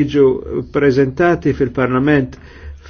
jiġu prezentati fil-Parlament